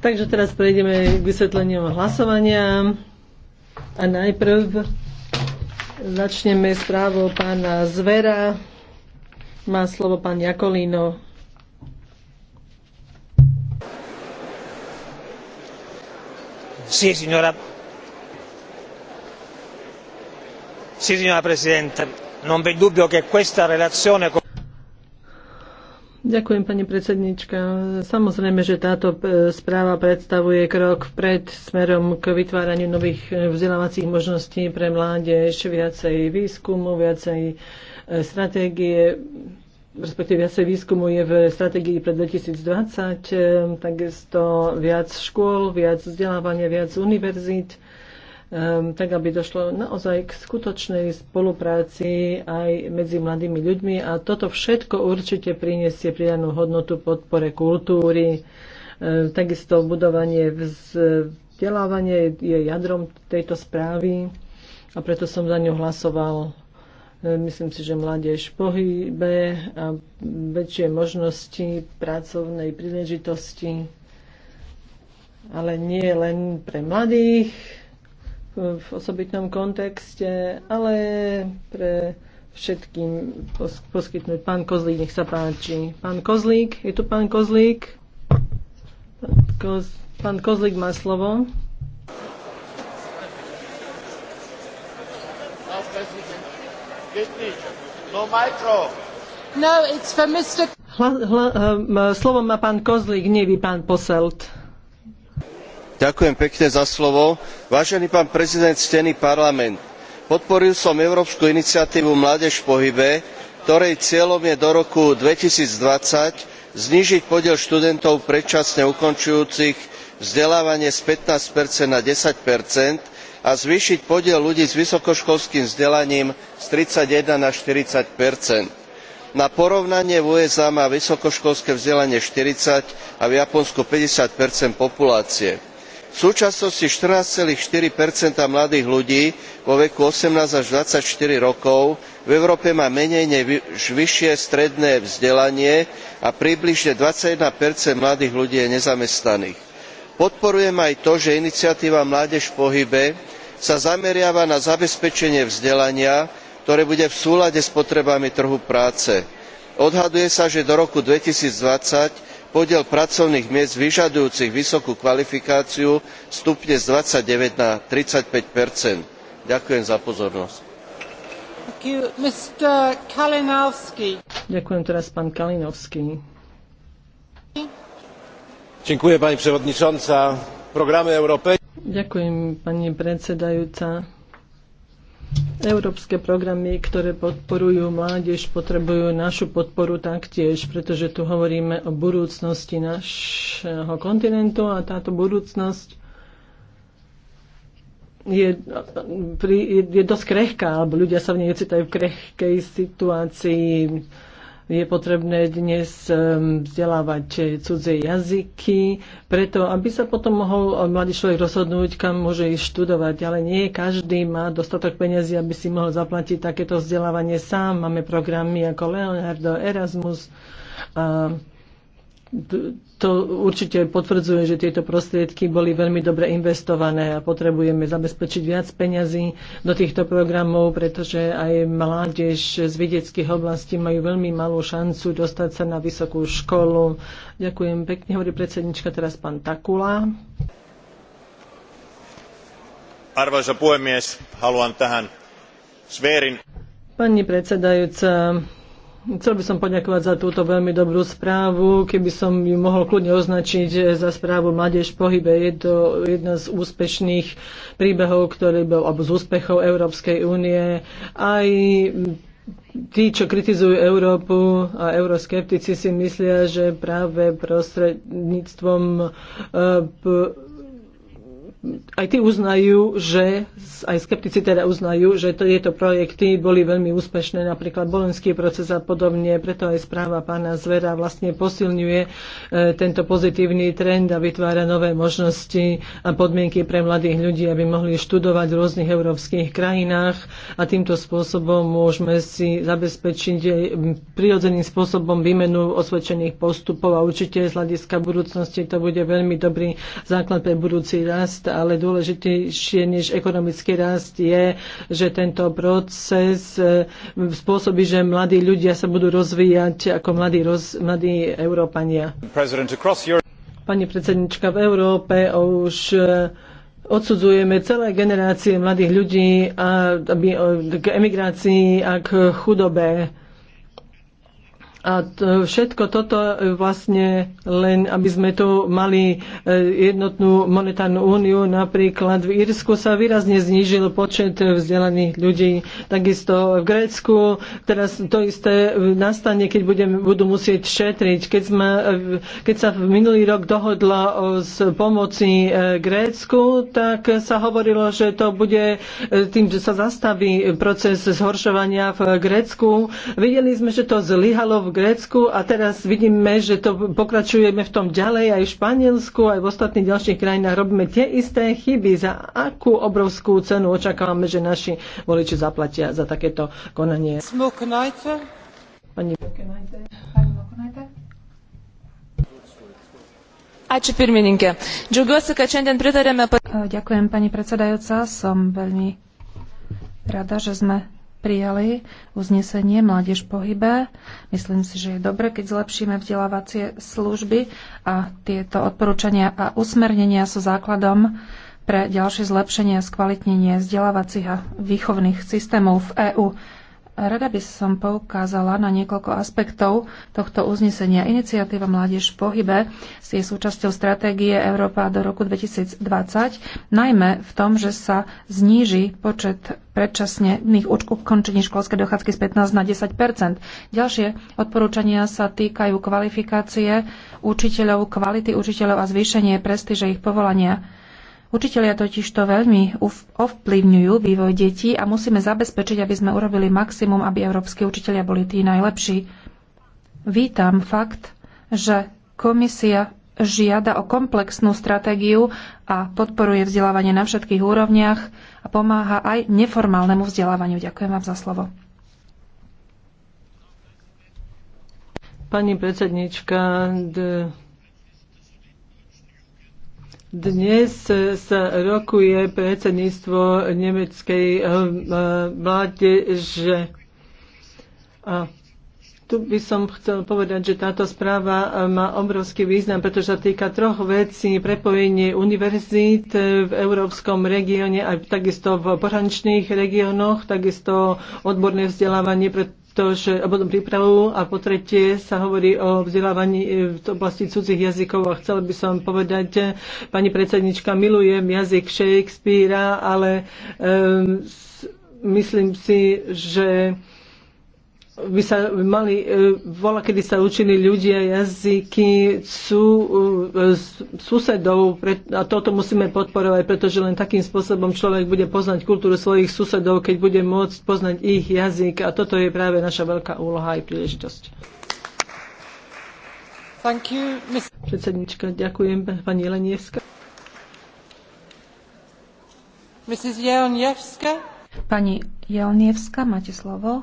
Takže teraz prejdeme k vysvetleniu hlasovania. A najprv začneme správo pána Zvera. Má slovo pán Jakolíno. Sí, signora. Sí, signora Presidente. Non v'è dubbio che questa relazione... Ďakujem, pani predsednička. Samozrejme, že táto e, správa predstavuje krok pred smerom k vytváraniu nových e, vzdelávacích možností pre mládež, viacej výskumu, viacej e, stratégie respektíve viacej výskumu je v stratégii pre 2020, takisto viac škôl, viac vzdelávania, viac univerzít Ehm, tak aby došlo naozaj k skutočnej spolupráci aj medzi mladými ľuďmi a toto všetko určite priniesie pridanú hodnotu podpore kultúry, ehm, takisto budovanie vzdelávanie je jadrom tejto správy a preto som za ňu hlasoval. Ehm, myslím si, že mládež pohybe a väčšie možnosti pracovnej príležitosti, ale nie len pre mladých, v osobitnom kontexte, ale pre všetkým poskytnúť. Pán Kozlík, nech sa páči. Pán Kozlík, je tu pán Kozlík? Pán, Koz, pán Kozlík má slovo. No, it's for Mr. Hla, hla, um, slovo má pán Kozlík, nie vy, pán Poselt vážený pán prezident ctený parlament podporil som európsku iniciatívu mládež v pohybe ktorej cieľom je do roku two thousand and twenty znížiť podiel študentov predčasne ukončujúcich vzdelávanie z fifteen na ten a zvýšiť podiel ľudí s vysokoškolským vzdelaním z thirty one na. forty na porovnanie v usa má vysokoškolské vzdelanie forty a v japonsku fifty populácie v súčasnosti fourteen four mladých ľudí vo veku eighteen až twenty four rokov v európe má menej než vyššie stredné vzdelanie a približne twenty one mladých ľudí je nezamestnaných. podporujem aj to že iniciatíva mládež v pohybe sa zameriava na zabezpečenie vzdelania ktoré bude v súlade s potrebami trhu práce. odhaduje sa že do roku two thousand and twenty podiel pracovných miest vyžadujúcich vysokú kvalifikáciu stúpne z twenty nine na. thirty five ďakujem za pozornosť. Ďakujem teraz, pán Ďakujem, pani predsedajúca Európske programy, ktoré podporujú mládež, potrebujú našu podporu taktiež, pretože tu hovoríme o budúcnosti našho kontinentu a táto budúcnosť je, je, je dosť krehká, alebo ľudia sa v nej ocitajú v krehkej situácii je potrebné dnes ehm, vzdelávať cudzie jazyky, preto aby sa potom mohol eh, mladý človek rozhodnúť, kam môže ísť študovať. Ale nie každý má dostatok peniazy, aby si mohol zaplatiť takéto vzdelávanie sám. Máme programy ako Leonardo, Erasmus. A to určite potvrdzuje, že tieto prostriedky boli veľmi dobre investované a potrebujeme zabezpečiť viac peňazí do týchto programov, pretože aj mládež z vidieckých oblastí majú veľmi malú šancu dostať sa na vysokú školu. Ďakujem pekne, hovorí predsednička, teraz pán Takula. Arvoisa puhemies, haluan tähän Sveerin. Pani predsedajúca, Chcel by som poďakovať za túto veľmi dobrú správu. Keby som ju mohol kľudne označiť eh, za správu mladež v pohybe, je to jedna z úspešných príbehov, ktorý bol, alebo z úspechov Európskej únie. Aj tí, čo kritizujú Európu a euroskeptici si myslia, že práve prostredníctvom eh, aj tí uznajú, že, aj skeptici teda uznajú, že tieto projekty boli veľmi úspešné, napríklad bolenský proces a podobne, preto aj správa pána Zvera vlastne posilňuje e, tento pozitívny trend a vytvára nové možnosti a podmienky pre mladých ľudí, aby mohli študovať v rôznych európskych krajinách a týmto spôsobom môžeme si zabezpečiť prirodzeným spôsobom výmenu osvedčených postupov a určite z hľadiska budúcnosti to bude veľmi dobrý základ pre budúci rast ale dôležitejšie než ekonomický rast je, že tento proces e, spôsobí, že mladí ľudia sa budú rozvíjať ako mladí, roz, mladí Európania. Pani predsednička, v Európe už e, odsudzujeme celé generácie mladých ľudí a, aby, e, k emigrácii a k chudobe a to, všetko toto e, vlastne len, aby sme tu mali e, jednotnú monetárnu úniu, napríklad v Írsku sa výrazne znížil počet vzdelaných ľudí, takisto v Grécku. Teraz to isté nastane, keď budem, budú musieť šetriť. Keď, sme, e, keď sa minulý rok dohodla o pomoci Grécku, tak sa hovorilo, že to bude tým, že sa zastaví proces zhoršovania v Grécku. Videli sme, že to zlyhalo v Grécku a teraz vidíme, že to pokračujeme v tom ďalej aj v Španielsku, aj v ostatných ďalších krajinách robíme tie isté chyby. Za akú obrovskú cenu očakávame, že naši voliči zaplatia za takéto konanie? Pani Ďakujem, pani predsedajúca. Som veľmi rada, že sme prijali uznesenie Mládež pohybe. Myslím si, že je dobre, keď zlepšíme vzdelávacie služby a tieto odporúčania a usmernenia sú základom pre ďalšie zlepšenie a skvalitnenie vzdelávacích a výchovných systémov v EÚ. Rada by som poukázala na niekoľko aspektov tohto uznesenia. Iniciatíva Mládež v pohybe je súčasťou stratégie Európa do roku 2020, najmä v tom, že sa zníži počet predčasne ukončení školskej dochádzky z 15 na 10 Ďalšie odporúčania sa týkajú kvalifikácie učiteľov, kvality učiteľov a zvýšenie prestíže ich povolania. Učitelia totiž to veľmi ovplyvňujú vývoj detí a musíme zabezpečiť, aby sme urobili maximum, aby európsky učitelia boli tí najlepší. Vítam fakt, že komisia žiada o komplexnú stratégiu a podporuje vzdelávanie na všetkých úrovniach a pomáha aj neformálnemu vzdelávaniu. Ďakujem vám za slovo. Pani predsednička, dnes sa rokuje predsedníctvo nemeckej eh, vláde, že a tu by som chcel povedať, že táto správa eh, má obrovský význam, pretože sa týka troch vecí. Prepojenie univerzít v európskom regióne a takisto v pohraničných regiónoch, takisto odborné vzdelávanie, pretože pretože, potom prípravu a po tretie sa hovorí o vzdelávaní e, v oblasti cudzích jazykov a chcela by som povedať, pani predsednička, milujem jazyk Shakespearea, ale um, myslím si, že by sa mali, eh, bola, kedy sa učili ľudia jazyky sú eh, susedov a toto musíme podporovať, pretože len takým spôsobom človek bude poznať kultúru svojich susedov, keď bude môcť poznať ich jazyk a toto je práve naša veľká úloha aj príležitosť. Thank you, Ms. Predsednička, ďakujem pani Jelenievska. Mrs. Jelenievska. Pani Jelenievska, máte slovo.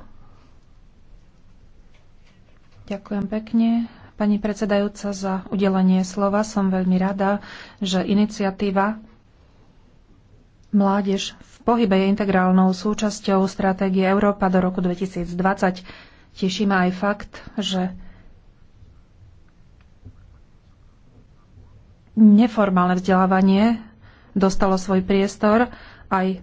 Ďakujem pekne. Pani predsedajúca, za udelenie slova som veľmi rada, že iniciatíva Mládež v pohybe je integrálnou súčasťou stratégie Európa do roku 2020. Teší ma aj fakt, že neformálne vzdelávanie dostalo svoj priestor aj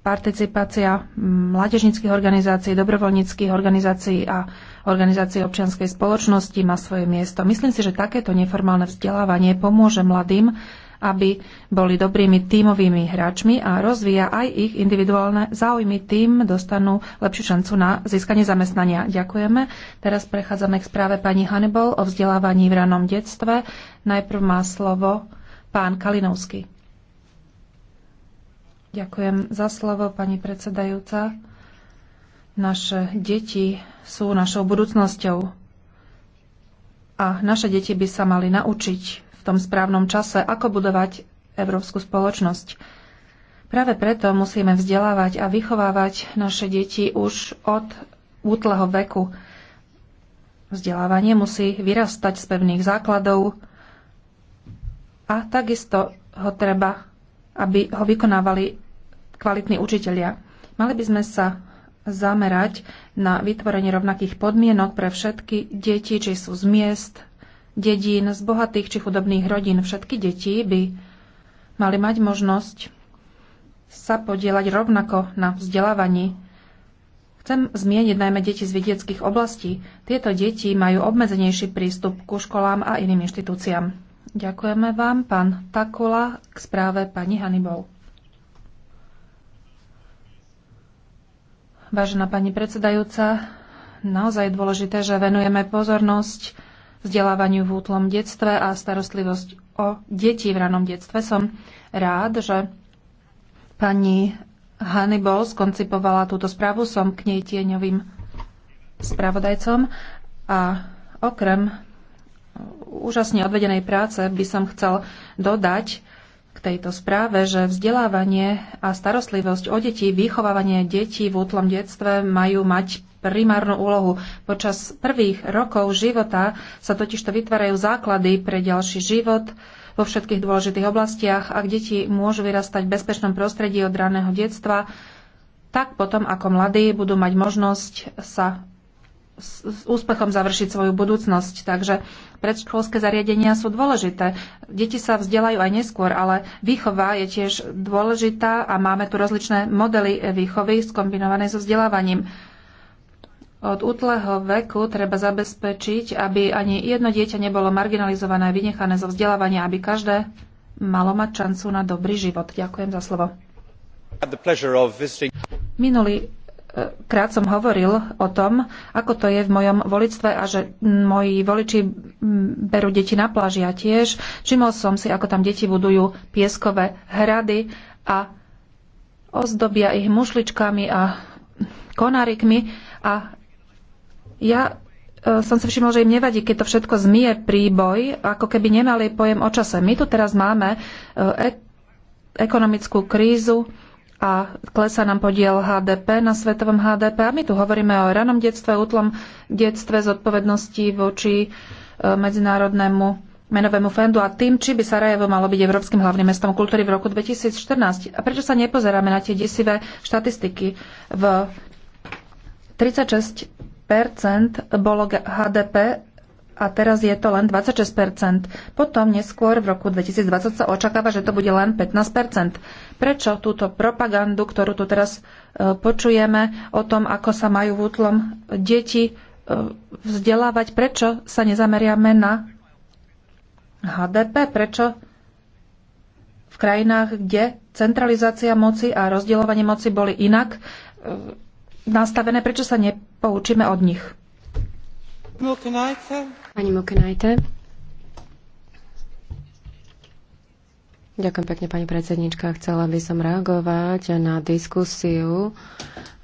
participácia mládežnických organizácií, dobrovoľníckých organizácií a organizácií občianskej spoločnosti má svoje miesto. Myslím si, že takéto neformálne vzdelávanie pomôže mladým, aby boli dobrými tímovými hráčmi a rozvíja aj ich individuálne záujmy. Tým dostanú lepšiu šancu na získanie zamestnania. Ďakujeme. Teraz prechádzame k správe pani Hannibal o vzdelávaní v ranom detstve. Najprv má slovo pán Kalinovský. Ďakujem za slovo, pani predsedajúca. Naše deti sú našou budúcnosťou a naše deti by sa mali naučiť v tom správnom čase, ako budovať európsku spoločnosť. Práve preto musíme vzdelávať a vychovávať naše deti už od útleho veku. Vzdelávanie musí vyrastať z pevných základov a takisto ho treba aby ho vykonávali kvalitní učitelia. Mali by sme sa zamerať na vytvorenie rovnakých podmienok pre všetky deti, či sú z miest, dedín, z bohatých či chudobných rodín. Všetky deti by mali mať možnosť sa podielať rovnako na vzdelávaní. Chcem zmieniť najmä deti z vidieckých oblastí. Tieto deti majú obmedzenejší prístup ku školám a iným inštitúciám. Ďakujeme vám, pán Takola, k správe pani Hannibal. Vážená pani predsedajúca, naozaj je dôležité, že venujeme pozornosť vzdelávaniu v útlom detstve a starostlivosť o deti v ranom detstve. Som rád, že pani Hannibal skoncipovala túto správu. Som k nej tieňovým spravodajcom a okrem úžasne odvedenej práce by som chcel dodať k tejto správe, že vzdelávanie a starostlivosť o deti, vychovávanie detí v útlom detstve majú mať primárnu úlohu. Počas prvých rokov života sa totižto vytvárajú základy pre ďalší život vo všetkých dôležitých oblastiach. Ak deti môžu vyrastať v bezpečnom prostredí od raného detstva, tak potom ako mladí budú mať možnosť sa s, s úspechom završiť svoju budúcnosť. Takže predškolské zariadenia sú dôležité. Deti sa vzdelajú aj neskôr, ale výchova je tiež dôležitá a máme tu rozličné modely výchovy skombinované so vzdelávaním. Od útleho veku treba zabezpečiť, aby ani jedno dieťa nebolo marginalizované, vynechané zo vzdelávania, aby každé malo mať šancu na dobrý život. Ďakujem za slovo. Minulý krát som hovoril o tom, ako to je v mojom volictve a že moji voliči berú deti na pláži a tiež všimol som si, ako tam deti budujú pieskové hrady a ozdobia ich mušličkami a konárikmi a ja e, som si všimol, že im nevadí, keď to všetko zmie príboj, ako keby nemali pojem o čase. My tu teraz máme e, e- ekonomickú krízu, a klesá nám podiel HDP na svetovom HDP. A my tu hovoríme o ranom detstve, útlom detstve, zodpovednosti voči e, medzinárodnému menovému fendu a tým, či by Sarajevo malo byť európskym hlavným mestom kultúry v roku 2014. A prečo sa nepozeráme na tie desivé štatistiky? V 36% bolo HDP a teraz je to len 26%. Potom neskôr v roku 2020 sa očakáva, že to bude len 15%. Prečo túto propagandu, ktorú tu teraz e, počujeme o tom, ako sa majú v útlom deti e, vzdelávať, prečo sa nezameriame na HDP, prečo v krajinách, kde centralizácia moci a rozdielovanie moci boli inak e, nastavené, prečo sa nepoučíme od nich? Pani Mokenajte. Ďakujem pekne, pani predsednička. Chcela by som reagovať na diskusiu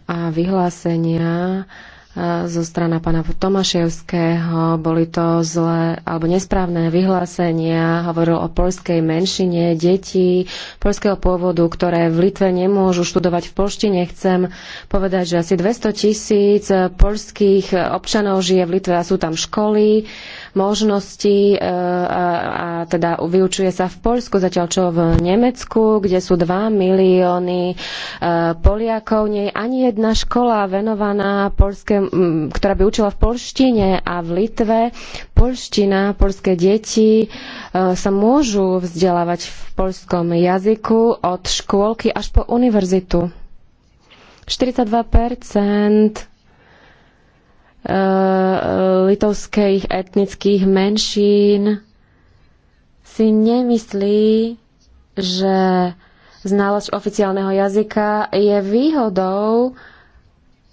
a vyhlásenia E, zo strana pána Tomaševského. Boli to zlé alebo nesprávne vyhlásenia. Hovoril o polskej menšine detí polského pôvodu, ktoré v Litve nemôžu študovať v polštine. Chcem povedať, že asi 200 tisíc polských občanov žije v Litve a sú tam školy, možnosti e, a, a teda vyučuje sa v Polsku, zatiaľ čo v Nemecku, kde sú 2 milióny e, Poliakov, nie je ani jedna škola venovaná polskému Mm, ktorá by učila v polštine a v Litve. Polština, polské deti e, sa môžu vzdelávať v polskom jazyku od škôlky až po univerzitu. 42 e, litovských etnických menšín si nemyslí, že znalosť oficiálneho jazyka je výhodou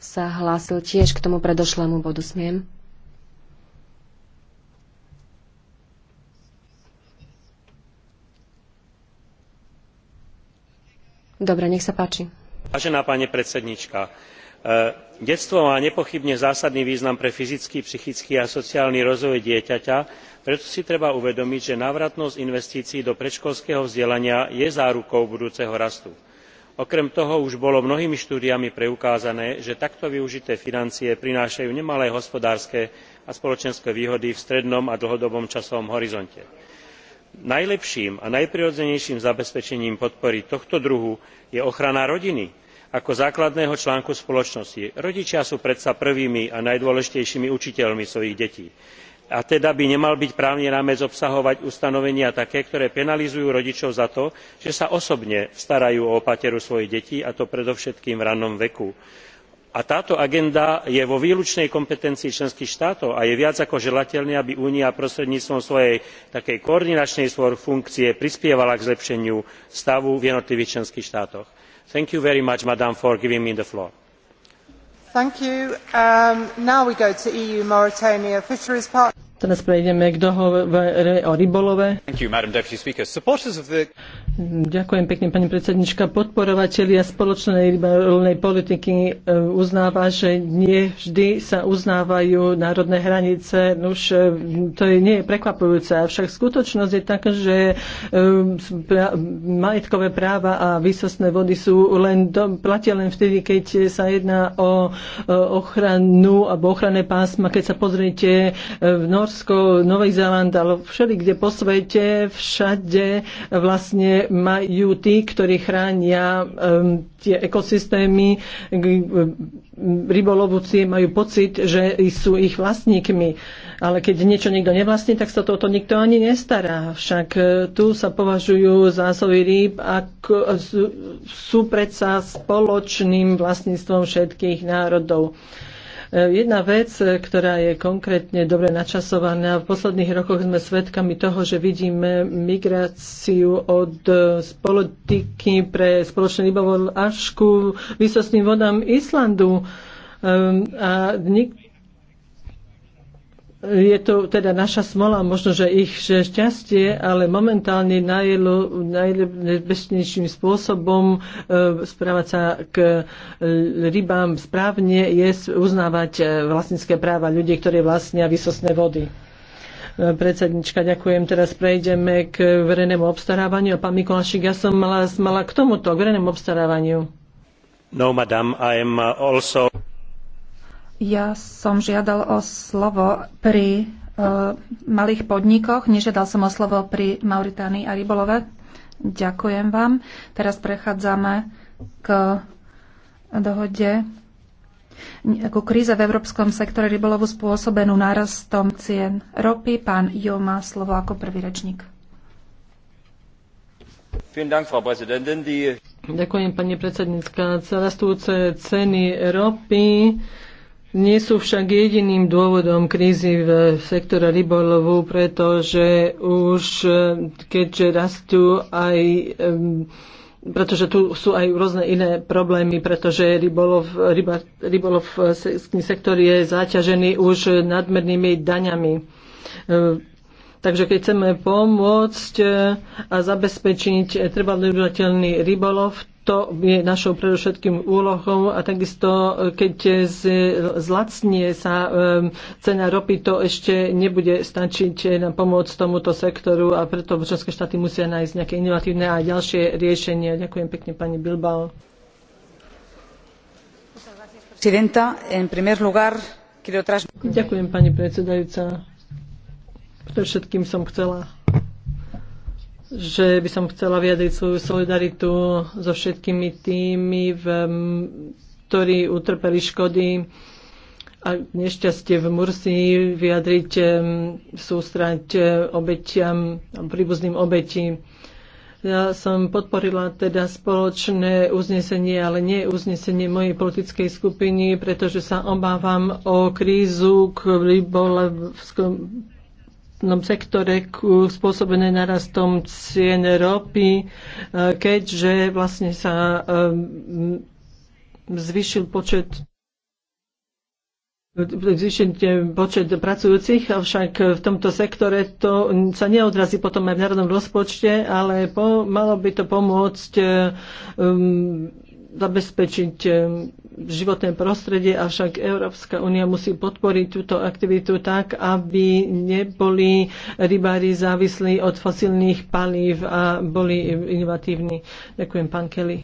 sa hlásil tiež k tomu predošlému bodu. Smiem? Dobre, nech sa páči. Vážená pani predsednička, e, detstvo má nepochybne zásadný význam pre fyzický psychický a sociálny rozvoj dieťaťa preto si treba uvedomiť že návratnosť investícií do predškolského vzdelania je zárukou budúceho rastu okrem toho už bolo mnohými štúdiami preukázané že takto využité financie prinášajú nemalé hospodárske a spoločenské výhody v strednom a dlhodobom časovom horizonte. najlepším a najprirodzenejším zabezpečením podpory tohto druhu je ochrana rodiny ako základného článku spoločnosti. rodičia sú predsa prvými a najdôležitejšími učiteľmi svojich detí a teda by nemal právny rámec obsahovať ustanovenia také ktoré penalizujú rodičov za to že sa osobne starajú o opateru svojich detí a to predovšetkým v ranom veku. a táto agenda je vo výlučnej kompetencii členských štátov a je viac ako želateľné aby únia prostredníctvom svojej takej koordinačnej skôr funkcie prispievala k zlepšeniu stavu v jednotlivých členských štátoch. thank you very much madam for giving me the floor. Teraz prejdeme k dohovore o rybolove. Ďakujem pekne, pani predsednička. Podporovatelia spoločnej rybolovnej politiky e, uznáva, že nie vždy sa uznávajú národné hranice. Už e, to nie je prekvapujúce, avšak skutočnosť je taká, že e, majetkové práva a výsostné vody sú len, platia len vtedy, keď sa jedná o ochranu alebo ochranné pásma. Keď sa pozriete v Norsku, Norsko, Nový Zéland, ale všeli kde po svete, všade vlastne majú tí, ktorí chránia um, tie ekosystémy um, rybolovúci majú pocit, že sú ich vlastníkmi. Ale keď niečo nikto nevlastní, tak sa toto nikto ani nestará. Však e, tu sa považujú zásoby rýb a sú predsa spoločným vlastníctvom všetkých národov. Eh, jedna vec, eh, ktorá je konkrétne dobre načasovaná, v posledných rokoch sme svedkami toho, že vidíme migráciu od eh, politiky pre spoločné rybovol až ku vysostným vodám Islandu. Ehm, a nikto je to teda naša smola, možno, že ich šťastie, ale momentálne najbezpečnejším spôsobom e, správať sa k e, rybám správne je uznávať e, vlastnícke práva ľudí, ktorí vlastnia vysosné vody. Predsednička, ďakujem. Teraz prejdeme k verejnému obstarávaniu. Pán Mikulášik, ja som mala, mala k tomuto, k verejnému obstarávaniu. No, madam, I am uh, also ja som žiadal o slovo pri uh, malých podnikoch, nežiadal som o slovo pri Mauritánii a Rybolove. Ďakujem vám. Teraz prechádzame k dohode ku kríze v európskom sektore rybolovu spôsobenú nárastom cien ropy. Pán Jo má slovo ako prvý rečník. Ďakujem, pani predsednícka. Rastúce ceny ropy nie sú však jediným dôvodom krízy v sektora rybolovu, pretože už eh, keďže rastú aj eh, pretože tu sú aj rôzne iné problémy, pretože rybolov, ryba, rybolov sektor je zaťažený už nadmernými daňami. Eh, takže keď chceme pomôcť a zabezpečiť trvalý rybolov, to je našou predovšetkým úlohou a takisto, keď zlacnie sa cena ropy, to ešte nebude stačiť eh, na pomoc tomuto sektoru a preto členské štáty musia nájsť nejaké inovatívne a ďalšie riešenia. Ďakujem pekne pani Bilbao. Ďakujem pani predsedajúca. Pre všetkým som chcela že by som chcela vyjadriť svoju solidaritu so všetkými tými, v, ktorí utrpeli škody a nešťastie v Mursi vyjadriť sústrať e, obetiam, príbuzným obeti. Ja som podporila teda spoločné uznesenie, ale nie uznesenie mojej politickej skupiny, pretože sa obávam o krízu k finančnom sektore spôsobené narastom cien ropy, e, keďže vlastne sa e, zvyšil počet zvýšenie počet pracujúcich, avšak v tomto sektore to sa neodrazí potom aj v národnom rozpočte, ale po, malo by to pomôcť um, zabezpečiť ehm, životné prostredie, avšak Európska únia musí podporiť túto aktivitu tak, aby neboli rybári závislí od fosilných palív a boli inovatívni. Ďakujem, pán Kelly.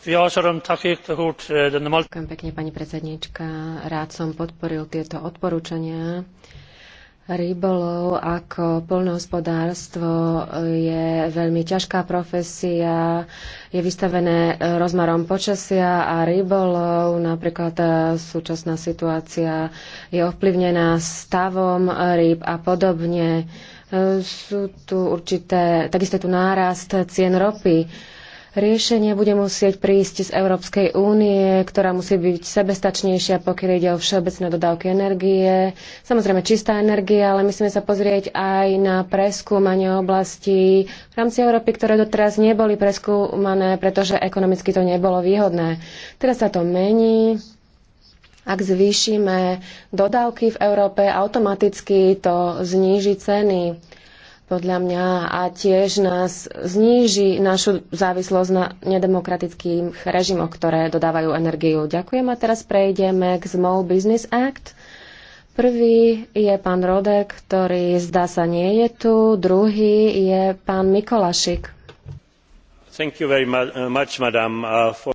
Ďakujem pekne, pani predsedníčka. Rád som podporil tieto odporúčania Rybolov ako poľnohospodárstvo je veľmi ťažká profesia, je vystavené e, rozmarom počasia a rybolov, napríklad e, súčasná situácia je ovplyvnená stavom rýb a podobne. E, sú tu určité, takisto je tu nárast cien ropy Riešenie bude musieť prísť z Európskej únie, ktorá musí byť sebestačnejšia, pokiaľ ide o všeobecné dodávky energie. Samozrejme čistá energia, ale musíme sa pozrieť aj na preskúmanie oblastí v rámci Európy, ktoré doteraz neboli preskúmané, pretože ekonomicky to nebolo výhodné. Teraz sa to mení ak zvýšime dodávky v Európe, automaticky to zníži ceny podľa mňa a tiež nás zníži našu závislosť na nedemokratických režimoch, ktoré dodávajú energiu. Ďakujem a teraz prejdeme k Small Business Act. Prvý je pán Rodek, ktorý zdá sa nie je tu. Druhý je pán Mikolašik. Thank you very much, madam, uh, for...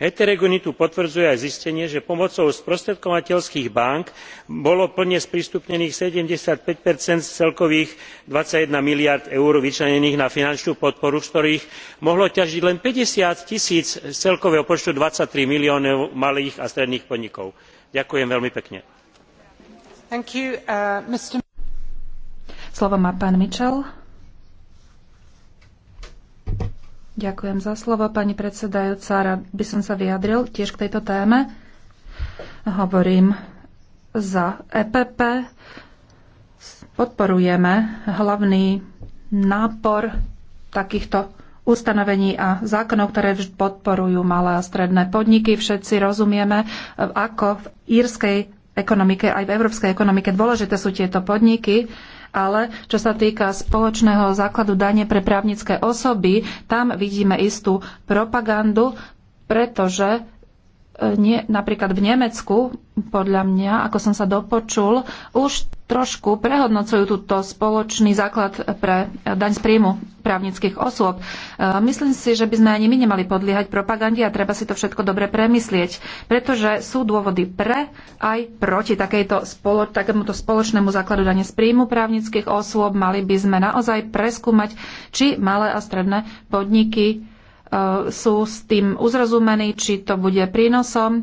heterogenitu potvrdzuje aj zistenie že pomocou sprostredkovateľských bánk bolo plne sprístupnených seventy five z celkových twenty one miliárd eur vyčlenených na finančnú podporu z ktorých mohlo ťažiť len päťdesiattisíc z celkového počtu twenty three miliónov malých a stredných podnikov. ďakujem veľmi pekne. Ďakujem za slovo, pani predsedajúca. Rád by som sa vyjadril tiež k tejto téme. Hovorím za EPP. Podporujeme hlavný nápor takýchto ustanovení a zákonov, ktoré vždy podporujú malé a stredné podniky. Všetci rozumieme, ako v írskej ekonomike, aj v európskej ekonomike dôležité sú tieto podniky ale čo sa týka spoločného základu dane pre právnické osoby, tam vidíme istú propagandu, pretože nie, napríklad v Nemecku, podľa mňa, ako som sa dopočul, už trošku prehodnocujú túto spoločný základ pre daň z príjmu právnických osôb. E, myslím si, že by sme ani my nemali podliehať propagande a treba si to všetko dobre premyslieť, pretože sú dôvody pre aj proti takejto spolo- takémuto spoločnému základu dane z príjmu právnických osôb. Mali by sme naozaj preskúmať, či malé a stredné podniky E, sú s tým uzrozumení, či to bude prínosom. E,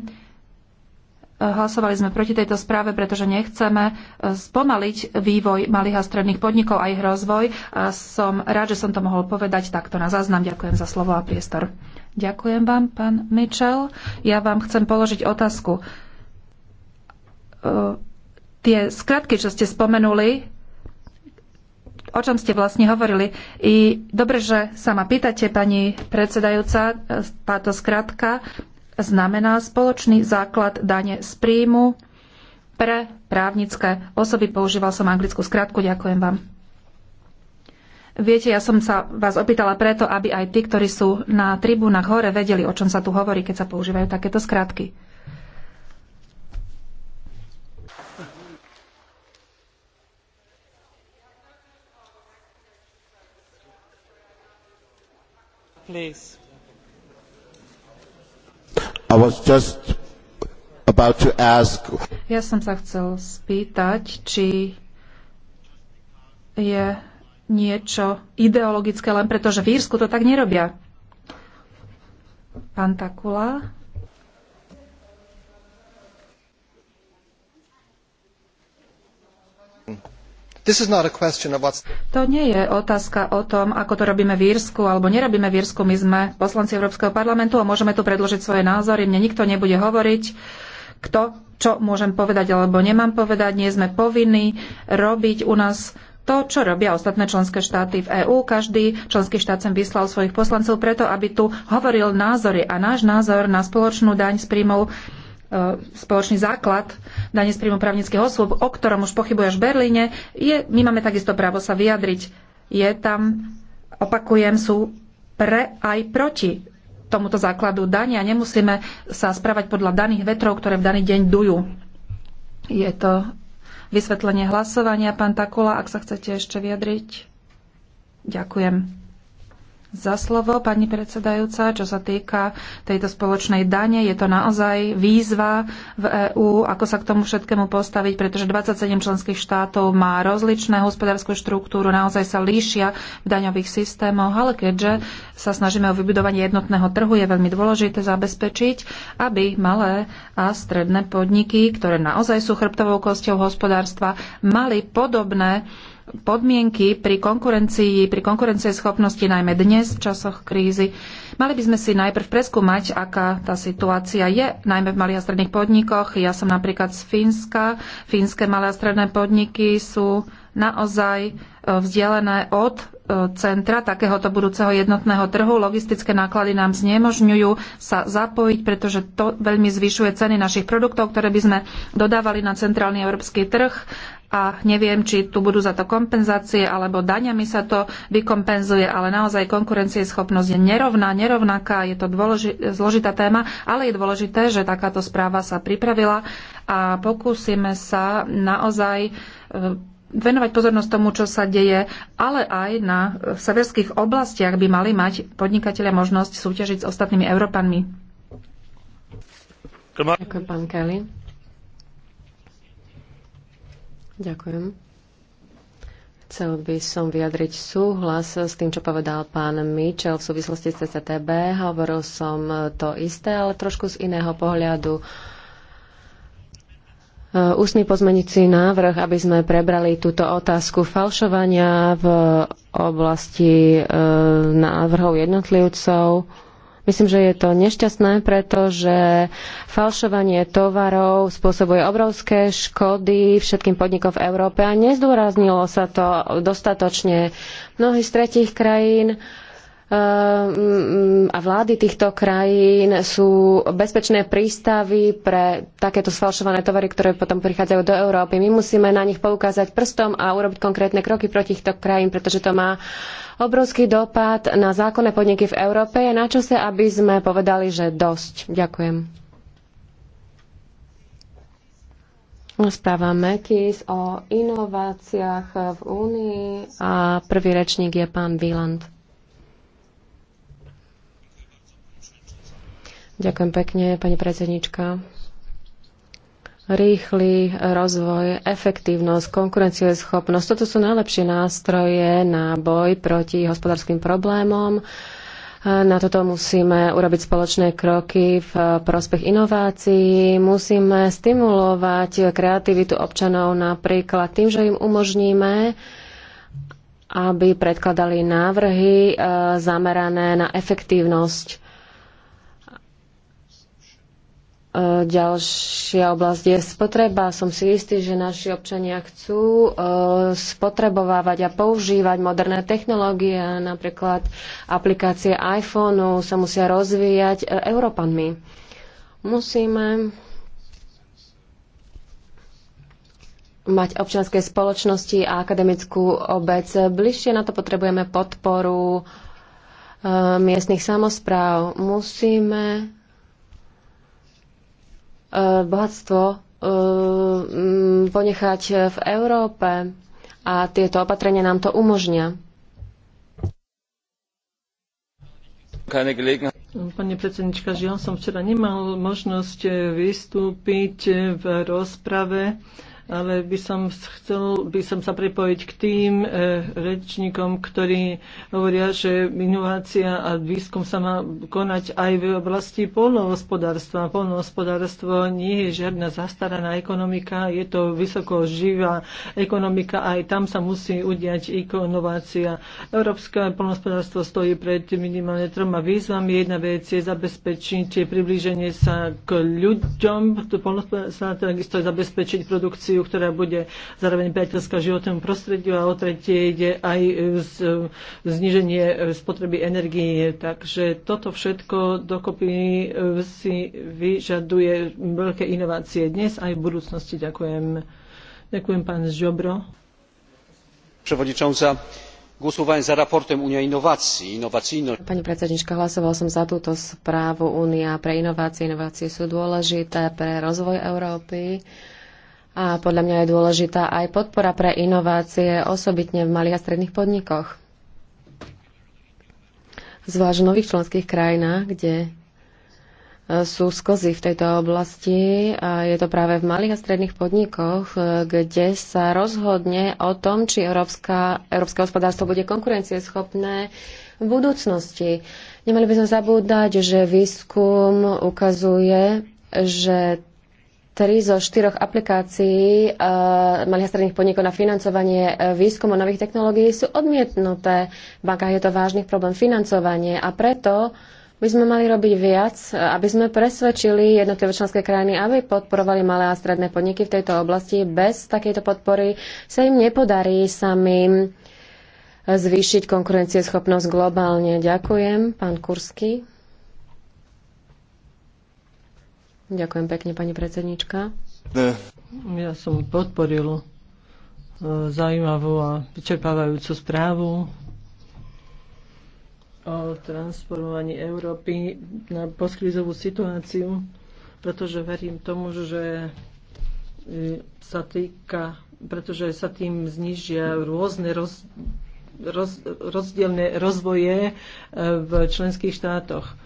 hlasovali sme proti tejto správe, pretože nechceme e, spomaliť vývoj malých a stredných podnikov a ich rozvoj. A som rád, že som to mohol povedať takto na záznam. Ďakujem za slovo a priestor. Ďakujem vám, pán Mitchell. Ja vám chcem položiť otázku. Tie skratky, čo ste spomenuli, o čom ste vlastne hovorili. I dobre, že sa ma pýtate, pani predsedajúca, táto skratka znamená spoločný základ dane z príjmu pre právnické osoby. Používal som anglickú skratku, ďakujem vám. Viete, ja som sa vás opýtala preto, aby aj tí, ktorí sú na tribúnach hore, vedeli, o čom sa tu hovorí, keď sa používajú takéto skratky. please. I was just about to ask. Ja som sa chcel spýtať, či je niečo ideologické len preto, že v Írsku to tak nerobia. Pán Takula. To nie je otázka o tom, ako to robíme v Írsku alebo nerobíme v Írsku. My sme poslanci Európskeho parlamentu a môžeme tu predložiť svoje názory. Mne nikto nebude hovoriť, kto, čo môžem povedať alebo nemám povedať. Nie sme povinní robiť u nás to, čo robia ostatné členské štáty v EÚ. Každý členský štát sem vyslal svojich poslancov preto, aby tu hovoril názory a náš názor na spoločnú daň z príjmov E, spoločný základ dane z príjmu právnických osôb, o ktorom už pochybuje až v Berlíne, je, my máme takisto právo sa vyjadriť. Je tam, opakujem, sú pre aj proti tomuto základu dania. Nemusíme sa správať podľa daných vetrov, ktoré v daný deň dujú. Je to vysvetlenie hlasovania. Pán Takula, ak sa chcete ešte vyjadriť. Ďakujem za slovo, pani predsedajúca. Čo sa týka tejto spoločnej dane, je to naozaj výzva v EÚ, ako sa k tomu všetkému postaviť, pretože 27 členských štátov má rozličné hospodárskú štruktúru, naozaj sa líšia v daňových systémoch, ale keďže sa snažíme o vybudovanie jednotného trhu, je veľmi dôležité zabezpečiť, aby malé a stredné podniky, ktoré naozaj sú chrbtovou kosťou hospodárstva, mali podobné podmienky pri konkurencii, pri konkurencieschopnosti najmä dnes v časoch krízy. Mali by sme si najprv preskúmať, aká tá situácia je, najmä v malých a stredných podnikoch. Ja som napríklad z Fínska. Fínske malé a stredné podniky sú naozaj e, vzdialené od e, centra takéhoto budúceho jednotného trhu. Logistické náklady nám znemožňujú sa zapojiť, pretože to veľmi zvyšuje ceny našich produktov, ktoré by sme dodávali na centrálny európsky trh a neviem, či tu budú za to kompenzácie alebo daňami sa to vykompenzuje, ale naozaj konkurencieschopnosť je nerovná, nerovnaká, je to dôleži- zložitá téma, ale je dôležité, že takáto správa sa pripravila a pokúsime sa naozaj e, venovať pozornosť tomu, čo sa deje, ale aj na severských oblastiach by mali mať podnikatelia možnosť súťažiť s ostatnými Európanmi. Ďakujem, pán Kelly. Ďakujem. Chcel by som vyjadriť súhlas s tým, čo povedal pán Mitchell v súvislosti s CCTB. Hovoril som to isté, ale trošku z iného pohľadu. E, ústny pozmenicí návrh, aby sme prebrali túto otázku falšovania v oblasti e, návrhov jednotlivcov Myslím, že je to nešťastné, pretože falšovanie tovarov spôsobuje obrovské škody všetkým podnikom v Európe a nezdôraznilo sa to dostatočne. mnohých z tretích krajín Ehm, a vlády týchto krajín sú bezpečné prístavy pre takéto sfalšované tovary, ktoré potom prichádzajú do Európy. My musíme na nich poukázať prstom a urobiť konkrétne kroky proti týchto krajín, pretože to má obrovský dopad na zákonné podniky v Európe. Je na čase, aby sme povedali, že dosť. Ďakujem. Správa Mekis o inováciách v Únii a prvý rečník je pán Wieland. Ďakujem pekne, pani predsednička. Rýchly rozvoj, efektívnosť, konkurencieschopnosť, toto sú najlepšie nástroje na boj proti hospodárskym problémom. Na toto musíme urobiť spoločné kroky v prospech inovácií. Musíme stimulovať kreativitu občanov napríklad tým, že im umožníme aby predkladali návrhy eh, zamerané na efektívnosť E, ďalšia oblasť je spotreba. Som si istý, že naši občania chcú e, spotrebovávať a používať moderné technológie, napríklad aplikácie iPhoneu sa musia rozvíjať e, Európanmi. Musíme mať občianske spoločnosti a akademickú obec. Bližšie na to potrebujeme podporu miestnych samozpráv. Musíme Eh, bohatstvo eh, mm, ponechať v Európe a tieto opatrenia nám to umožnia. Pani predsednička, žiaľ som včera nemal možnosť eh, vystúpiť v rozprave ale by som, chcel, by som sa pripojiť k tým e, rečníkom, ktorí hovoria, že inovácia a výskum sa má konať aj v oblasti polnohospodárstva. Polnohospodárstvo nie je žiadna zastaraná ekonomika, je to vysoko živá ekonomika aj tam sa musí udiať inovácia. Európske polnohospodárstvo stojí pred minimálne troma výzvami. Jedna vec je zabezpečiť priblíženie sa k ľuďom, polnohospodárstvo, takisto je zabezpečiť produkciu akciu, ktorá bude zároveň priateľská životnému prostrediu a o tretie ide aj e, zniženie e, spotreby energie. Takže toto všetko dokopy e, si vyžaduje veľké inovácie dnes aj v budúcnosti. Ďakujem. Ďakujem pán Žobro. Przewodnicząca, głosowałem za raportem Unia Innowacji. Innowacyjność. Pani predsednička, hlasoval som za túto správu Unia pre inovácie. Inovácie sú dôležité pre rozvoj Európy a podľa mňa je dôležitá aj podpora pre inovácie, osobitne v malých a stredných podnikoch. Zvlášť v nových členských krajinách, kde e, sú skozy v tejto oblasti a je to práve v malých a stredných podnikoch, e, kde sa rozhodne o tom, či európska, európske hospodárstvo bude konkurencieschopné v budúcnosti. Nemali by sme zabúdať, že výskum ukazuje, že Tri zo štyroch aplikácií eh, malých a stredných podnikov na financovanie eh, výskumu nových technológií sú odmietnuté. V bankách je to vážny problém financovanie a preto by sme mali robiť viac, eh, aby sme presvedčili jednotlivé členské krajiny, aby podporovali malé a stredné podniky v tejto oblasti. Bez takejto podpory sa im nepodarí samým zvýšiť konkurencieschopnosť globálne. Ďakujem, pán Kursky. Ďakujem pekne, pani predsednička. Ja som podporil e, zaujímavú a vyčerpávajúcu správu o transformovaní Európy na postkrizovú situáciu, pretože verím tomu, že e, sa týka, pretože sa tým znižia rôzne roz, roz, rozdielne rozvoje e, v členských štátoch.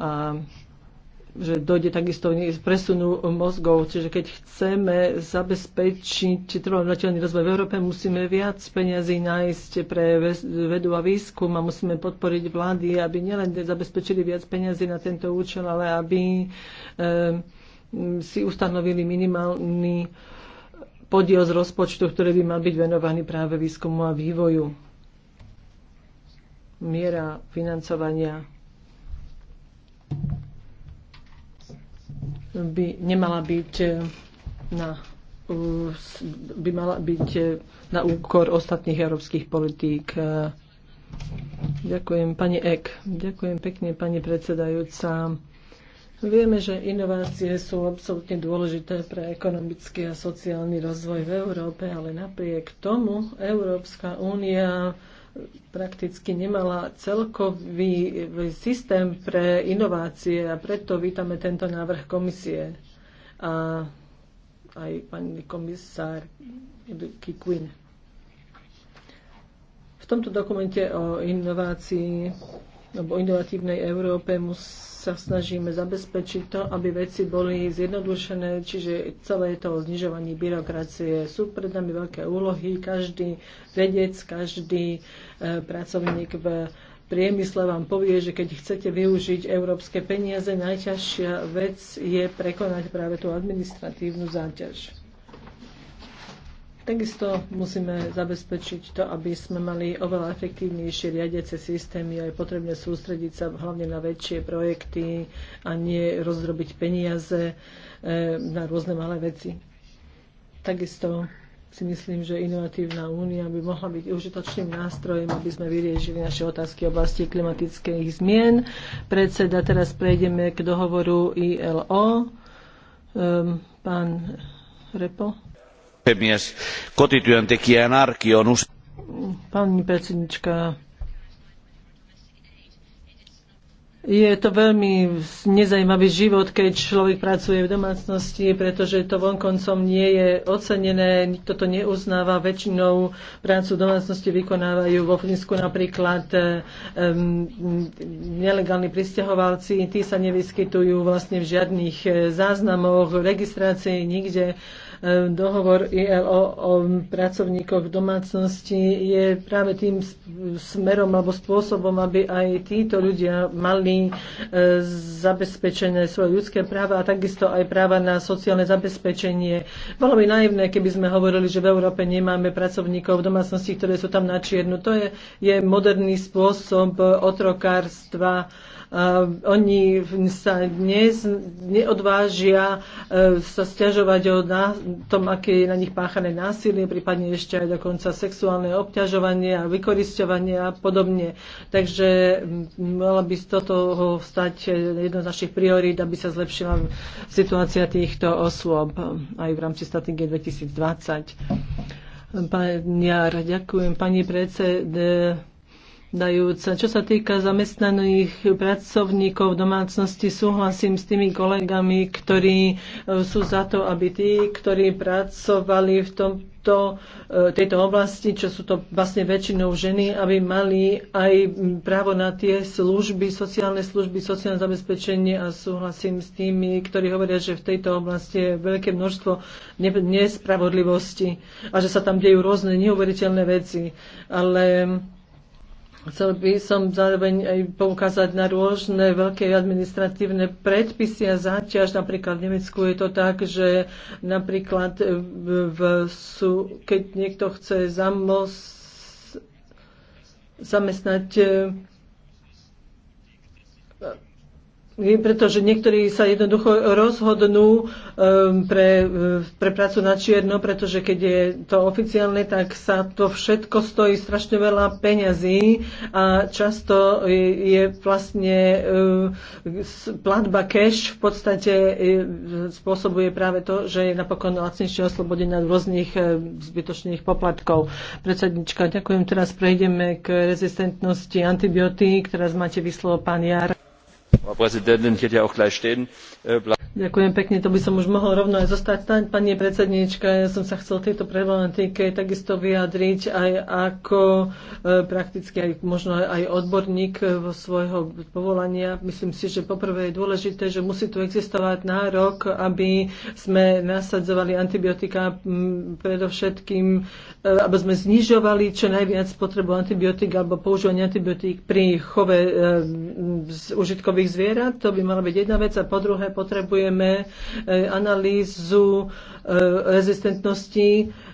A že dojde takisto z presunu mozgov. Čiže keď chceme zabezpečiť trvalý rozvoj v Európe, musíme viac peniazy nájsť pre vedu a výskum a musíme podporiť vlády, aby nielen zabezpečili viac peniazy na tento účel, ale aby ehm, si ustanovili minimálny podiel z rozpočtu, ktorý by mal byť venovaný práve výskumu a vývoju. Miera financovania by nemala byť eh, na eh, by mala byť eh, na úkor ostatných európskych politík. Ďakujem, pani Ek. Ďakujem pekne, pani predsedajúca. Vieme, že inovácie sú absolútne dôležité pre ekonomický a sociálny rozvoj v Európe, ale napriek tomu Európska únia prakticky nemala celkový e, systém pre inovácie a preto vítame tento návrh komisie. A aj pani komisár Kikuin. V tomto dokumente o inovácii alebo inovatívnej Európe musí sa snažíme zabezpečiť to, aby veci boli zjednodušené, čiže celé je to o znižovaní byrokracie. Sú pred nami veľké úlohy, každý vedec, každý e, pracovník v priemysle vám povie, že keď chcete využiť európske peniaze, najťažšia vec je prekonať práve tú administratívnu záťaž. Takisto musíme zabezpečiť to, aby sme mali oveľa efektívnejšie riadiace systémy a je potrebné sústrediť sa hlavne na väčšie projekty a nie rozrobiť peniaze eh, na rôzne malé veci. Takisto si myslím, že inovatívna únia by mohla byť užitočným nástrojom, aby sme vyriešili naše otázky v oblasti klimatických zmien. Predseda, teraz prejdeme k dohovoru ILO. Um, ehm, pán Repo puhemies kotityöntekijän arki on usein Pani je to veľmi nezajímavý život, keď človek pracuje v domácnosti, pretože to vonkoncom nie je ocenené, nikto to neuznáva. Väčšinou prácu v domácnosti vykonávajú vo Fínsku napríklad um, nelegálni pristahovalci. Tí sa nevyskytujú vlastne v žiadnych eh, záznamoch, registrácii nikde. Uh, Ehm, dohovor ILO o pracovníkoch v domácnosti je práve tým smerom alebo spôsobom, aby aj títo ľudia mali e, zabezpečené svoje ľudské práva a takisto aj práva na sociálne zabezpečenie. Bolo by naivné, keby sme hovorili, že v Európe nemáme pracovníkov v domácnosti, ktoré sú tam na čiernu. To je, je moderný spôsob otrokárstva oni sa dnes neodvážia e, sa stiažovať o tom, aké je na nich páchané násilie, prípadne ešte aj dokonca sexuálne obťažovanie a vykoristovanie a podobne. Takže mala by z toho stať jedno z našich priorít, aby sa zlepšila situácia týchto osôb aj v rámci strategie 2020. Pani Jar, ďakujem. Pani predsed, dajúca. Čo sa týka zamestnaných pracovníkov v domácnosti, súhlasím s tými kolegami, ktorí e, sú za to, aby tí, ktorí pracovali v tomto, e, tejto oblasti, čo sú to vlastne väčšinou ženy, aby mali aj právo na tie služby, sociálne služby, sociálne zabezpečenie a súhlasím s tými, ktorí hovoria, že v tejto oblasti je veľké množstvo nespravodlivosti a že sa tam dejú rôzne neuveriteľné veci. Ale Chcel by som zároveň aj poukázať na rôzne veľké administratívne predpisy a záťaž. Napríklad v Nemecku je to tak, že napríklad v, sú, keď niekto chce zamos, zamestnať pretože niektorí sa jednoducho rozhodnú um, pre, um, pre prácu na čierno, pretože keď je to oficiálne, tak sa to všetko stojí strašne veľa peňazí a často je vlastne um, platba cash v podstate um, spôsobuje práve to, že je napokon lacnejšie oslobodená od rôznych um, zbytočných poplatkov. Predsednička, ďakujem. Teraz prejdeme k rezistentnosti antibiotík. Teraz máte vyslovo pán Jar frau präsidentin ich hätte ja auch gleich stehen bleiben äh, können. Ďakujem pekne, to by som už mohol rovno aj zostať. Tá, pani predsednička, ja som sa chcel tejto problematike takisto vyjadriť aj ako e, prakticky aj možno aj odborník e, vo svojho povolania. Myslím si, že poprvé je dôležité, že musí tu existovať nárok, aby sme nasadzovali antibiotika m, predovšetkým, e, aby sme znižovali čo najviac potrebu antibiotík alebo používanie antibiotík pri chove e, užitkových zvierat. To by mala byť jedna vec a po druhé potrebuje potrebujeme e, analýzu e, rezistentnosti,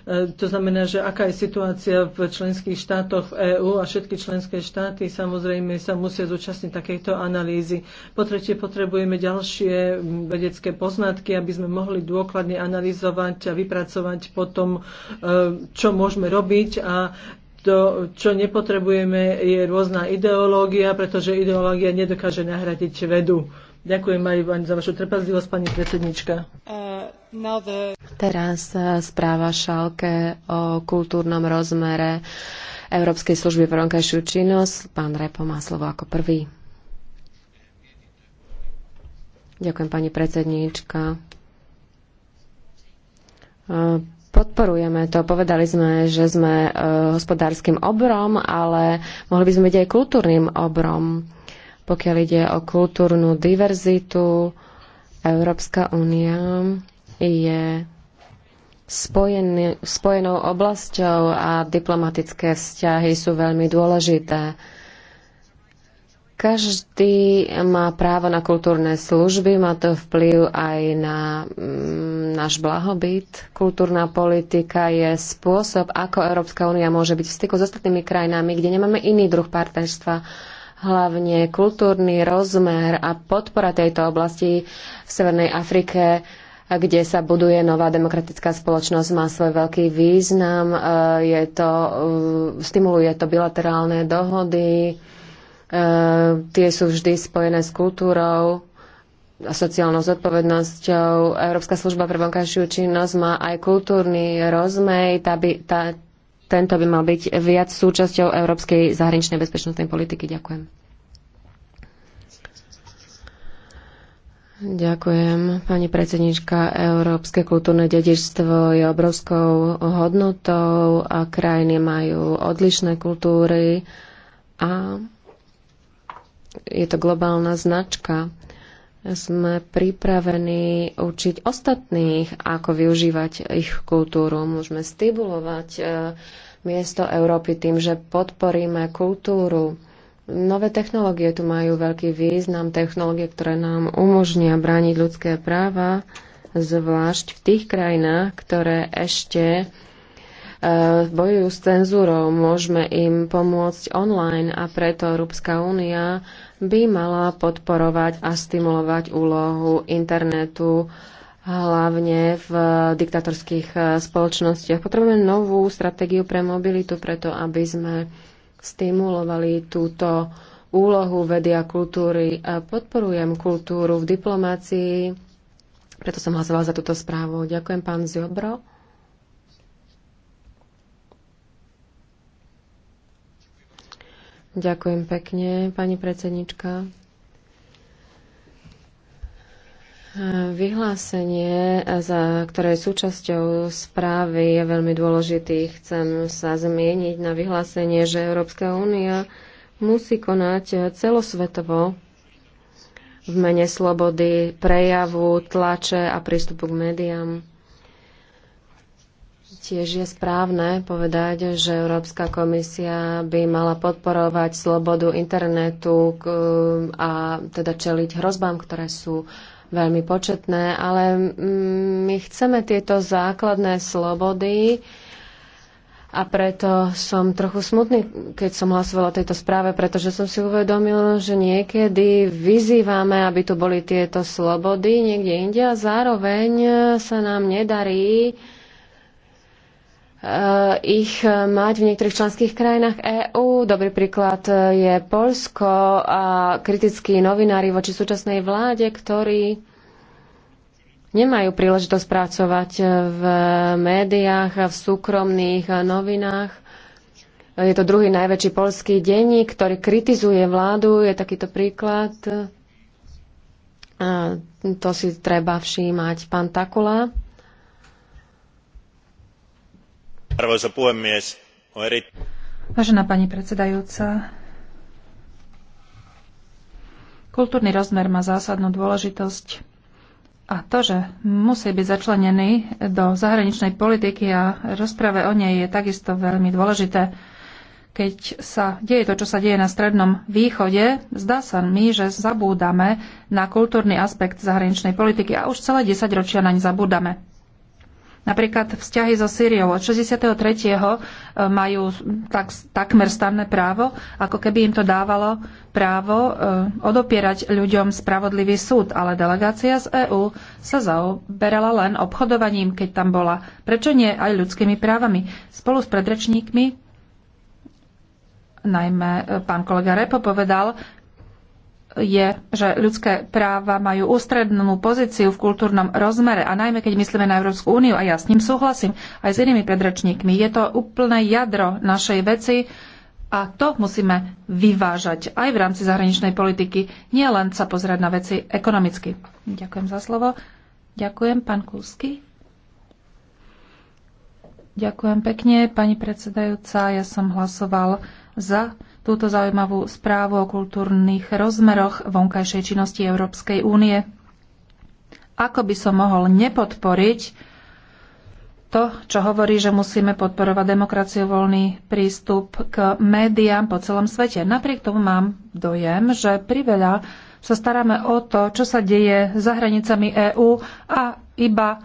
e, to znamená, že aká je situácia v členských štátoch EÚ a všetky členské štáty samozrejme sa musia zúčastniť takejto analýzy. Po tretie, potrebujeme ďalšie vedecké poznatky, aby sme mohli dôkladne analyzovať a vypracovať potom, čo môžeme robiť a to, čo nepotrebujeme, je rôzna ideológia, pretože ideológia nedokáže nahradiť vedu. Ďakujem aj vám za vašu trpezlivosť, pani predsednička. Uh, Teraz uh, správa Šalke o kultúrnom rozmere Európskej služby pre vonkajšiu činnosť. Pán Repo má slovo ako prvý. Ďakujem, pani predsedníčka. Uh, podporujeme to. Povedali sme, že sme hospodárskym obrom, ale mohli by sme byť aj kultúrnym obrom. Pokiaľ ide o kultúrnu diverzitu, Európska únia je spojený, spojenou oblasťou a diplomatické vzťahy sú veľmi dôležité. Každý má právo na kultúrne služby, má to vplyv aj na mm, náš blahobyt. Kultúrna politika je spôsob, ako Európska únia môže byť v styku s ostatnými krajinami, kde nemáme iný druh partnerstva hlavne kultúrny rozmer a podpora tejto oblasti v Severnej Afrike, kde sa buduje nová demokratická spoločnosť, má svoj veľký význam. E, je to, e, stimuluje to bilaterálne dohody, e, tie sú vždy spojené s kultúrou a sociálnou zodpovednosťou. Európska služba pre vonkajšiu činnosť má aj kultúrny rozmej, tá, by, tá tento by mal byť viac súčasťou európskej zahraničnej bezpečnostnej politiky. Ďakujem. Ďakujem, pani predsednička. Európske kultúrne dedičstvo je obrovskou hodnotou a krajiny majú odlišné kultúry a je to globálna značka sme pripravení učiť ostatných, ako využívať ich kultúru. Môžeme stimulovať e, miesto Európy tým, že podporíme kultúru. Nové technológie tu majú veľký význam, technológie, ktoré nám umožnia brániť ľudské práva, zvlášť v tých krajinách, ktoré ešte bojujú s cenzúrou, môžeme im pomôcť online a preto Európska únia by mala podporovať a stimulovať úlohu internetu hlavne v diktatorských spoločnostiach. Potrebujeme novú stratégiu pre mobilitu, preto aby sme stimulovali túto úlohu vedy a kultúry. Podporujem kultúru v diplomácii, preto som hlasovala za túto správu. Ďakujem, pán Ziobro. Ďakujem pekne, pani predsednička. Vyhlásenie, za ktoré je súčasťou správy, je veľmi dôležitý. Chcem sa zmieniť na vyhlásenie, že Európska únia musí konať celosvetovo v mene slobody prejavu, tlače a prístupu k médiám. Tiež je správne povedať, že Európska komisia by mala podporovať slobodu internetu a teda čeliť hrozbám, ktoré sú veľmi početné, ale mm, my chceme tieto základné slobody a preto som trochu smutný, keď som hlasovala o tejto správe, pretože som si uvedomil, že niekedy vyzývame, aby tu boli tieto slobody niekde inde a zároveň sa nám nedarí Eh, ich eh, mať v niektorých členských krajinách EÚ. Dobrý príklad eh, je Polsko a kritickí novinári voči súčasnej vláde, ktorí nemajú príležitosť pracovať v médiách, v súkromných novinách. Je to druhý najväčší polský denník, ktorý kritizuje vládu. Je takýto príklad. A to si treba všímať. Pán Takula. Arvoisa puhemies, on eri... Vážená pani predsedajúca, kultúrny rozmer má zásadnú dôležitosť a to, že musí byť začlenený do zahraničnej politiky a rozprave o nej je takisto veľmi dôležité. Keď sa deje to, čo sa deje na Strednom východe, zdá sa mi, že zabúdame na kultúrny aspekt zahraničnej politiky a už celé 10 ročia naň zabúdame. Napríklad vzťahy so Syriou od 63. majú tak, takmer stanné právo, ako keby im to dávalo právo e, odopierať ľuďom spravodlivý súd, ale delegácia z EÚ sa zaoberala len obchodovaním, keď tam bola. Prečo nie aj ľudskými právami? Spolu s predrečníkmi najmä e, pán kolega Repo povedal, je, že ľudské práva majú ústrednú pozíciu v kultúrnom rozmere a najmä keď myslíme na Európsku úniu a ja s ním súhlasím aj s inými predračníkmi, Je to úplné jadro našej veci a to musíme vyvážať aj v rámci zahraničnej politiky, nie len sa pozerať na veci ekonomicky. Ďakujem za slovo. Ďakujem, pán Kulsky. Ďakujem pekne, pani predsedajúca. Ja som hlasoval za túto zaujímavú správu o kultúrnych rozmeroch vonkajšej činnosti Európskej únie. Ako by som mohol nepodporiť to, čo hovorí, že musíme podporovať demokraciu, voľný prístup k médiám po celom svete. Napriek tomu mám dojem, že priveľa sa staráme o to, čo sa deje za hranicami EÚ a iba e,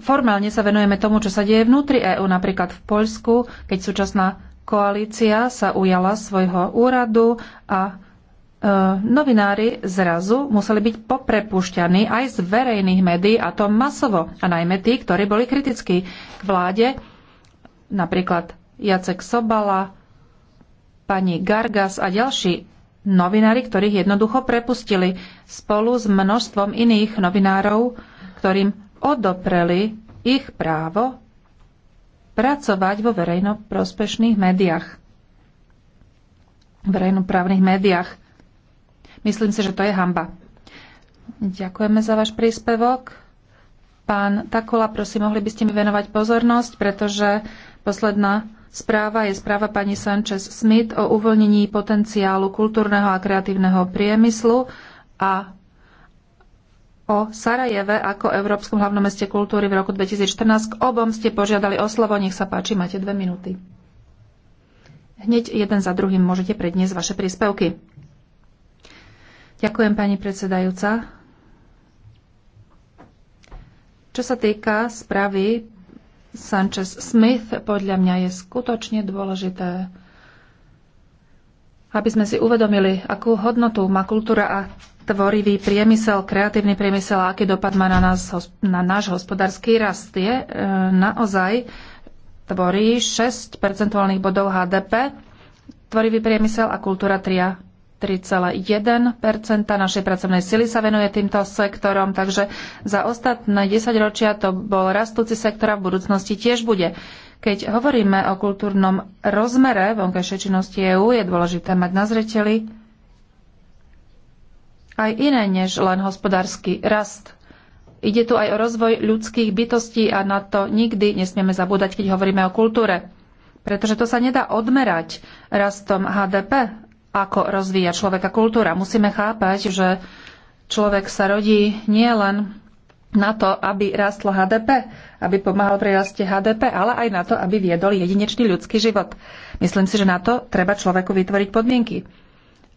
formálne sa venujeme tomu, čo sa deje vnútri EÚ, napríklad v Poľsku, keď súčasná koalícia sa ujala svojho úradu a e, novinári zrazu museli byť poprepušťaní aj z verejných médií, a to masovo, a najmä tí, ktorí boli kritickí k vláde, napríklad Jacek Sobala, pani Gargas a ďalší novinári, ktorých jednoducho prepustili spolu s množstvom iných novinárov, ktorým odopreli ich právo pracovať vo verejnoprospešných médiách. Verejnoprávnych médiách. Myslím si, že to je hamba. Ďakujeme za váš príspevok. Pán Takola, prosím, mohli by ste mi venovať pozornosť, pretože posledná správa je správa pani Sanchez Smith o uvoľnení potenciálu kultúrneho a kreatívneho priemyslu a o Sarajeve ako Európskom hlavnom meste kultúry v roku 2014. K obom ste požiadali o slovo. Nech sa páči, máte dve minúty. Hneď jeden za druhým môžete predniesť vaše príspevky. Ďakujem, pani predsedajúca. Čo sa týka správy Sanchez-Smith, podľa mňa je skutočne dôležité, aby sme si uvedomili, akú hodnotu má kultúra a tvorivý priemysel, kreatívny priemysel a aký dopad má na, nás, na náš hospodársky rast je, e, naozaj tvorí 6 percentuálnych bodov HDP, tvorivý priemysel a kultúra 3 3,1 našej pracovnej sily sa venuje týmto sektorom, takže za ostatné 10 ročia to bol rastúci sektor a v budúcnosti tiež bude. Keď hovoríme o kultúrnom rozmere vonkajšej činnosti EÚ, je dôležité mať na zreteli, aj iné než len hospodársky rast. Ide tu aj o rozvoj ľudských bytostí a na to nikdy nesmieme zabúdať, keď hovoríme o kultúre. Pretože to sa nedá odmerať rastom HDP, ako rozvíja človeka kultúra. Musíme chápať, že človek sa rodí nie len na to, aby rastlo HDP, aby pomáhal pri raste HDP, ale aj na to, aby viedol jedinečný ľudský život. Myslím si, že na to treba človeku vytvoriť podmienky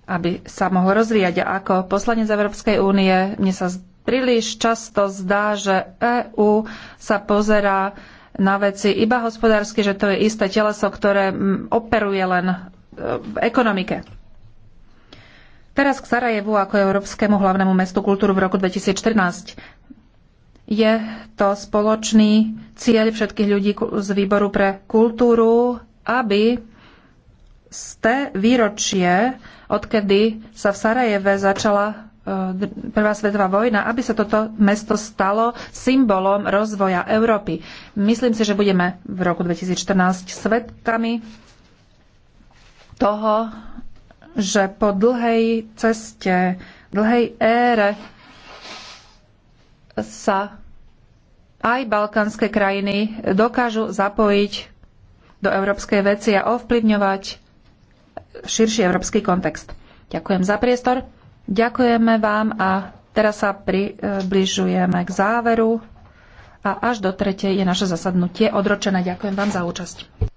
aby sa mohol rozvíjať. A ako poslanec Európskej únie, mne sa príliš často zdá, že EÚ sa pozerá na veci iba hospodársky, že to je isté teleso, ktoré operuje len e, v ekonomike. Teraz k Sarajevu ako Európskemu hlavnému mestu kultúru v roku 2014. Je to spoločný cieľ všetkých ľudí z výboru pre kultúru, aby ste výročie, odkedy sa v Sarajeve začala eh, Prvá svetová vojna, aby sa toto mesto stalo symbolom rozvoja Európy. Myslím si, že budeme v roku 2014 svetkami toho, že po dlhej ceste, dlhej ére sa aj balkánske krajiny dokážu zapojiť do európskej veci a ovplyvňovať širší európsky kontext. Ďakujem za priestor. Ďakujeme vám a teraz sa približujeme k záveru a až do tretej je naše zasadnutie odročené. Ďakujem vám za účasť.